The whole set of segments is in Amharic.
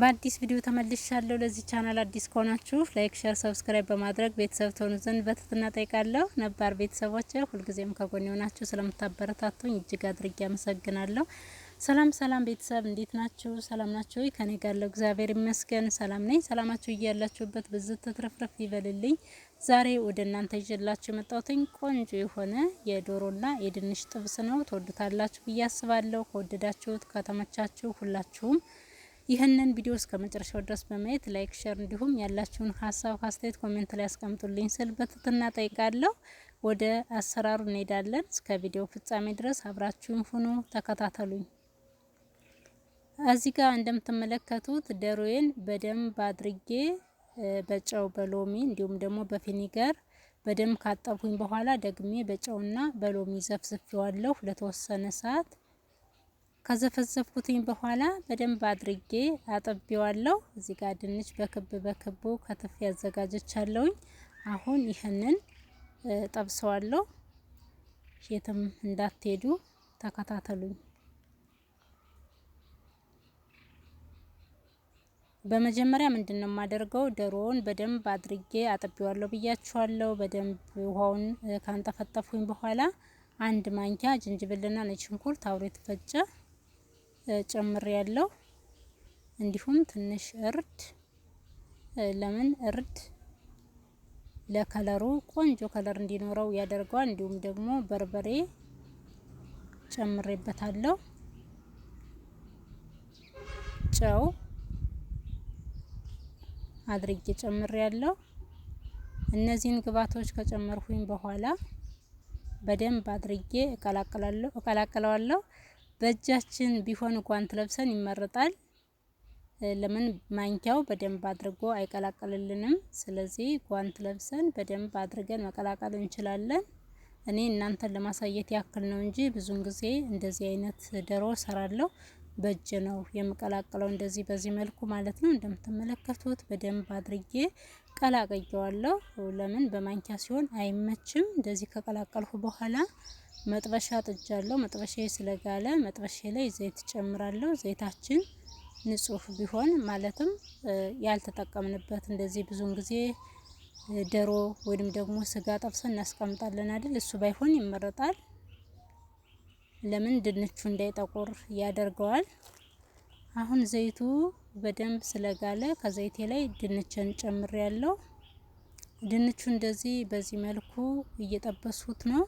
በአዲስ ቪዲዮ ተመልሻለሁ። ለዚህ ቻናል አዲስ ከሆናችሁ ላይክ፣ ሸር፣ ሰብስክራይብ በማድረግ ቤተሰብ ትሆኑ ዘንድ በትህትና ጠይቃለሁ። ነባር ቤተሰቦች ሁልጊዜም ከጎን የሆናችሁ ስለምታበረታቱኝ እጅግ አድርጌ አመሰግናለሁ። ሰላም ሰላም ቤተሰብ እንዴት ናችሁ? ሰላም ናችሁ? ከኔ ጋር ያለው እግዚአብሔር ይመስገን ሰላም ነኝ። ሰላማችሁ እያላችሁበት ብዝት ትርፍርፍ ይበልልኝ። ዛሬ ወደ እናንተ ይዤላችሁ የመጣሁትኝ ቆንጆ የሆነ የዶሮና የድንች ጥብስ ነው። ትወዱታላችሁ ብዬ አስባለሁ። ከወደዳችሁት ከተመቻችሁ ሁላችሁም ይህንን ቪዲዮ እስከ መጨረሻው ድረስ በማየት ላይክ፣ ሸር እንዲሁም ያላችሁን ሀሳብ አስተያየት ኮሜንት ላይ አስቀምጡልኝ ስል በትህትና ጠይቃለሁ። ወደ አሰራሩ እንሄዳለን። እስከ ቪዲዮ ፍጻሜ ድረስ አብራችሁን ሁኑ፣ ተከታተሉኝ። እዚህ ጋር እንደምትመለከቱት ደሮዬን በደንብ አድርጌ በጨው በሎሚ እንዲሁም ደግሞ በፊኒገር በደንብ ካጠብኩኝ በኋላ ደግሜ በጨውና በሎሚ ዘፍዝፌዋለሁ ለተወሰነ ሰዓት። ከዘፈዘፍኩትኝ በኋላ በደንብ አድርጌ አጥቤዋለሁ። እዚህ ጋር ድንች በክብ በክቡ ከትፍ ያዘጋጀቻለሁኝ። አሁን ይህንን ጠብሰዋለሁ። የትም እንዳትሄዱ ተከታተሉኝ። በመጀመሪያ ምንድን ነው የማደርገው? ዶሮውን በደንብ አድርጌ አጥቤዋለሁ ብያችኋለሁ። በደንብ ውሃውን ካንጠፈጠፉኝ በኋላ አንድ ማንኪያ ጅንጅብልና ነጭ ሽንኩርት አውሬ የተፈጨ ጨምር ያለው እንዲሁም ትንሽ እርድ ለምን እርድ ለከለሩ ቆንጆ ከለር እንዲኖረው ያደርገዋል። እንዲሁም ደግሞ በርበሬ ጨምሬበታለሁ። ጨው አድርጌ ጨምሬ ያለው። እነዚህን ግብአቶች ከጨመርኩኝ በኋላ በደንብ አድርጌ እቀላቅለዋለሁ። በእጃችን ቢሆን ጓንት ለብሰን ይመረጣል። ለምን ማንኪያው በደንብ አድርጎ አይቀላቀልልንም። ስለዚህ ጓንት ለብሰን በደንብ አድርገን መቀላቀል እንችላለን። እኔ እናንተን ለማሳየት ያክል ነው እንጂ ብዙን ጊዜ እንደዚህ አይነት ዶሮ ሰራለሁ። በእጅ ነው የምቀላቅለው። እንደዚህ በዚህ መልኩ ማለት ነው። እንደምትመለከቱት በደንብ አድርጌ ቀላቅየዋለሁ። ለምን በማንኪያ ሲሆን አይመችም። እንደዚህ ከቀላቀልሁ በኋላ መጥበሻ ጥጃለሁ። መጥበሻ ስለጋለ መጥበሻ ላይ ዘይት ጨምራለሁ። ዘይታችን ንጹህ ቢሆን ማለትም ያልተጠቀምንበት እንደዚህ ብዙን ጊዜ ዶሮ ወይም ደግሞ ስጋ ጠብሰን እናስቀምጣለን አይደል? እሱ ባይሆን ይመረጣል። ለምን ድንቹ እንዳይጠቁር ያደርገዋል። አሁን ዘይቱ በደንብ ስለጋለ ከዘይቴ ላይ ድንችን ጨምር ያለው ድንቹ እንደዚህ በዚህ መልኩ እየጠበስኩት ነው።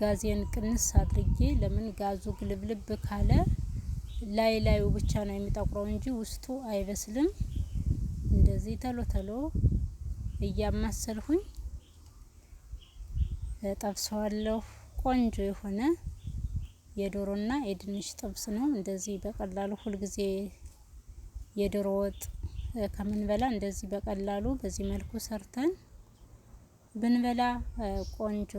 ጋዜን ቅንስ አድርጌ ለምን ጋዙ ግልብልብ ካለ ላይ ላዩ ብቻ ነው የሚጠቁረው እንጂ ውስጡ አይበስልም። እንደዚህ ተሎ ተሎ እያማሰልሁኝ ጠብሰዋለሁ። ቆንጆ የሆነ የዶሮና የድንች ጥብስ ነው። እንደዚህ በቀላሉ ሁልጊዜ የዶሮ ወጥ ከምንበላ እንደዚህ በቀላሉ በዚህ መልኩ ሰርተን ብንበላ ቆንጆ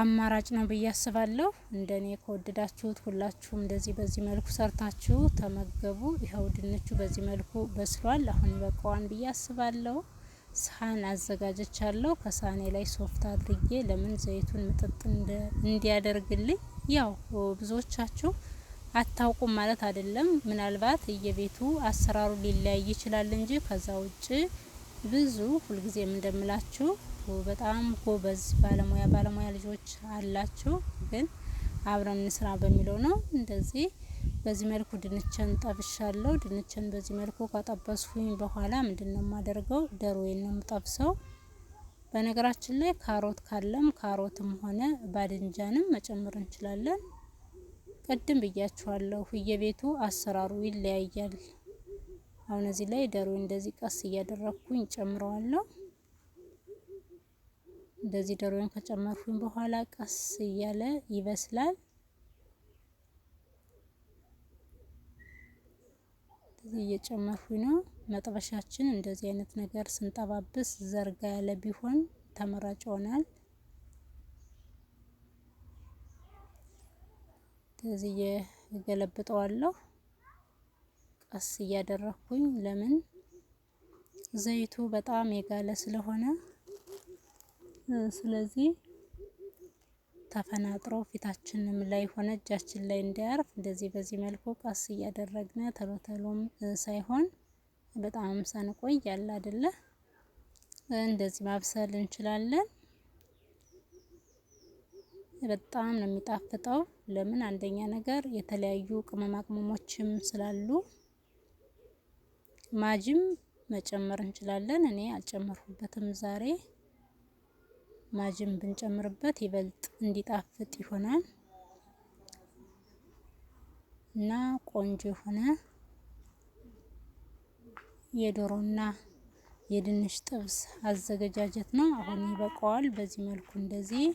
አማራጭ ነው ብዬ አስባለሁ። እንደኔ ከወደዳችሁት ሁላችሁም እንደዚህ በዚህ መልኩ ሰርታችሁ ተመገቡ። ይኸው ድንቹ በዚህ መልኩ በስሏል። አሁን ይበቃዋን ብዬ አስባለሁ። ሳህን አዘጋጀቻለሁ። ከሳህኔ ላይ ሶፍት አድርጌ ለምን ዘይቱን ምጥጥ እንዲያደርግልኝ ያው ብዙዎቻችሁ አታውቁም ማለት አይደለም። ምናልባት የቤቱ አሰራሩ ሊለያይ ይችላል እንጂ ከዛ ውጭ ብዙ ሁልጊዜም እንደምላችሁ በጣም ጎበዝ ባለሙያ ባለሙያ ልጆች አላችሁ ግን አብረን እንስራ በሚለው ነው። እንደዚህ በዚህ መልኩ ድንችን ጠብሻለሁ። ድንችን በዚህ መልኩ ከጠበስኩኝ በኋላ ምንድን ነው የማደርገው? ደሮዬን ነው የምጠብሰው። በነገራችን ላይ ካሮት ካለም ካሮትም ሆነ ባድንጃንም መጨመር እንችላለን። ቅድም ብያችኋለሁ፣ የቤቱ አሰራሩ ይለያያል። አሁን እዚህ ላይ ደሮ እንደዚህ ቀስ እያደረግኩኝ ጨምረዋለሁ። እንደዚህ ዶሮውን ከጨመርኩኝ በኋላ ቀስ እያለ ይበስላል። እንደዚህ እየጨመርኩኝ ነው። መጥበሻችን እንደዚህ አይነት ነገር ስንጠባብስ ዘርጋ ያለ ቢሆን ተመራጭ ይሆናል። እንደዚህ እየገለብጠዋለሁ ቀስ እያደረኩኝ ለምን ዘይቱ በጣም የጋለ ስለሆነ ስለዚህ ተፈናጥሮ ፊታችንም ላይ ሆነ እጃችን ላይ እንዳያርፍ እንደዚህ በዚህ መልኩ ቀስ እያደረግን ተሎ ተሎም ሳይሆን በጣም ሳንቆይ ያለ አይደለ እንደዚህ ማብሰል እንችላለን። በጣም ነው የሚጣፍጠው። ለምን አንደኛ ነገር የተለያዩ ቅመማ ቅመሞችም ስላሉ ማጅም መጨመር እንችላለን። እኔ አልጨመርሁበትም ዛሬ ማጅን ብንጨምርበት ይበልጥ እንዲጣፍጥ ይሆናል እና ቆንጆ የሆነ የዶሮና የድንች ጥብስ አዘገጃጀት ነው። አሁን ይበቃዋል። በዚህ መልኩ እንደዚህ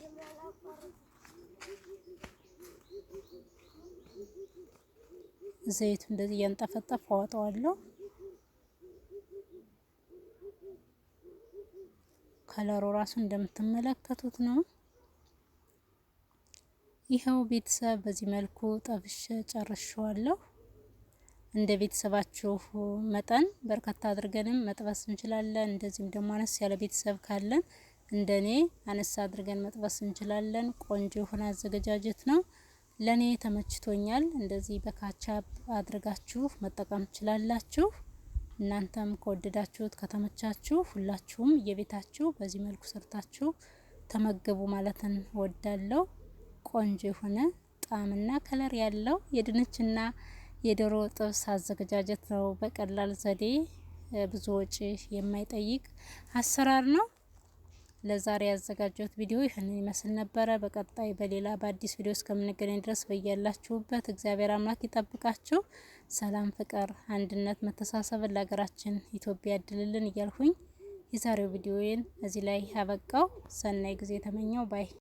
ዘይቱ እንደዚህ እያንጠፈጠፍ አወጣዋለሁ። ከለሩ ራሱ እንደምትመለከቱት ነው። ይኸው ቤተሰብ በዚህ መልኩ ጠብሼ ጨርሼዋለሁ። እንደ ቤተሰባችሁ መጠን በርካታ አድርገንም መጥበስ እንችላለን። እንደዚህም ደግሞ አነስ ያለ ቤተሰብ ካለን እንደኔ አነስ አድርገን መጥበስ እንችላለን። ቆንጆ የሆነ አዘገጃጀት ነው። ለኔ ተመችቶኛል። እንደዚህ በካቻ አድርጋችሁ መጠቀም ትችላላችሁ። እናንተም ከወደዳችሁት ከተመቻችሁ ሁላችሁም የቤታችሁ በዚህ መልኩ ሰርታችሁ ተመገቡ ማለትን ወዳለው ቆንጆ የሆነ ጣዕምና ከለር ያለው የድንችና የዶሮ ጥብስ አዘገጃጀት ነው። በቀላል ዘዴ ብዙ ወጪ የማይጠይቅ አሰራር ነው። ለዛሬ ያዘጋጀሁት ቪዲዮ ይህንን ይመስል ነበረ። በቀጣይ በሌላ በአዲስ ቪዲዮ እስከምንገናኝ ድረስ በያላችሁበት እግዚአብሔር አምላክ ይጠብቃችሁ። ሰላም፣ ፍቅር፣ አንድነት፣ መተሳሰብን ለሀገራችን ኢትዮጵያ ያድልልን እያልሁኝ የዛሬው ቪዲዮዬን እዚህ ላይ ያበቃው። ሰናይ ጊዜ ተመኘው ባይ